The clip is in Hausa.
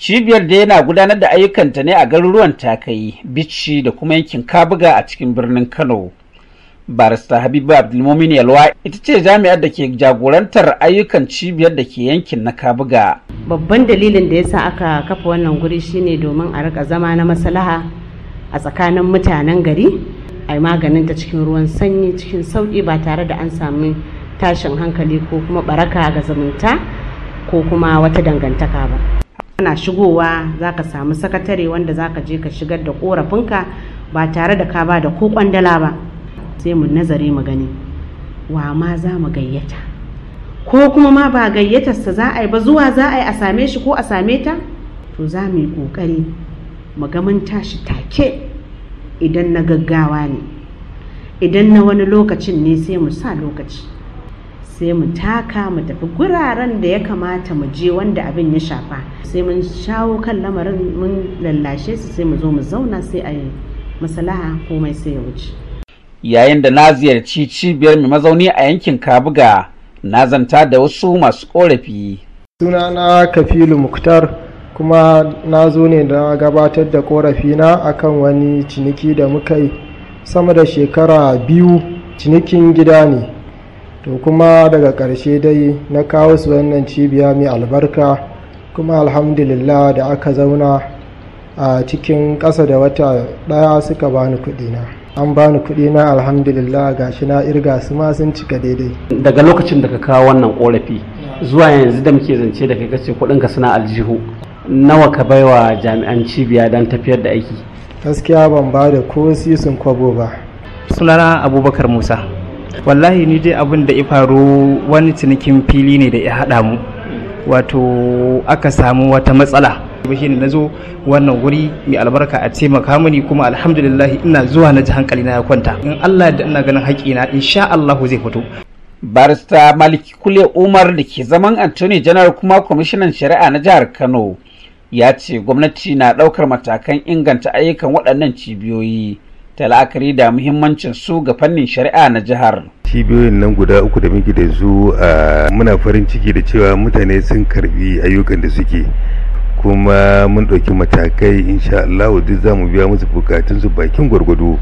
Cibiyar da yana gudanar da ayyukanta ne a garuruwan Takayi, Bichi da kuma yankin Kabuga a cikin birnin Kano. Barista Habibu Abdulmumin Yalwa ita ce jami'ar da ke jagorantar ayyukan cibiyar da ke yankin na Kabuga. Babban dalilin da yasa aka kafa wannan guri shine domin a rika zama na maslaha a tsakanin mutanen gari, a yi maganin ta cikin ruwan sanyi cikin sauƙi ba tare da an sami tashin hankali ko kuma baraka ga zumunta ko kuma wata dangantaka ba. kana shigowa za ka samu sakatare wanda za ka je ka shigar da korafinka ba tare da ka ba da ko kwandala ba sai mu nazari mu gani wa ma za mu gayyata ko kuma ma ba gayyatarsa za a yi ba zuwa za a yi a same shi ko a same ta to za mu yi ƙoƙari mu ga mun tashi take idan na gaggawa ne idan na wani lokacin ne sai mu sa lokaci sai mu taka mu tafi guraren da ya kamata mu je wanda abin ya shafa sai mun shawo kan lamarin mun lallashe su sai mu zo mu zauna sai a yi masalaha komai sai ya wuce yayin da na ziyarci cibiyar mai mazauni a yankin kabuga na zanta da wasu masu korafi na kafilu muktar kuma na zo ne da gabatar da korafina akan wani ciniki da muka yi sama da shekara biyu cinikin gida ne to kuma daga ƙarshe dai na kawo su wannan cibiya mai albarka kuma alhamdulillah da aka zauna a cikin ƙasa da wata ɗaya suka bani kuɗina an bani kuɗina alhamdulillah ga shi na irga su ma sun cika daidai daga lokacin da ka kawo wannan ƙorafi zuwa yanzu da muke zance da kai kace kuɗinka suna aljihu nawa ka bai wa jami'an cibiya don tafiyar da aiki gaskiya ban ba da ko sisin kwabo ba sunana abubakar musa wallahi ni dai abin da ya faru wani cinikin fili ne da ya haɗa mu wato aka samu wata matsala shi ne na zo wannan wuri mai albarka a taimaka mini kuma alhamdulillah ina zuwa na ji hankali na ya kwanta in Allah da ina ganin haƙina insha Allahu zai fito barista maliki kule umar da ke zaman antony janar kuma kwamishinan shari'a na jihar kano ya ce gwamnati na ɗaukar matakan inganta ayyukan waɗannan cibiyoyi ta la'akari da muhimmancin su ga fannin shari'a na jihar. cibiyoyin nan guda uku da muke da su muna farin ciki da cewa mutane sun karbi ayyukan da suke kuma mun ɗauki matakai insha Allah duk za mu biya musu bukatunsu bakin gwargwado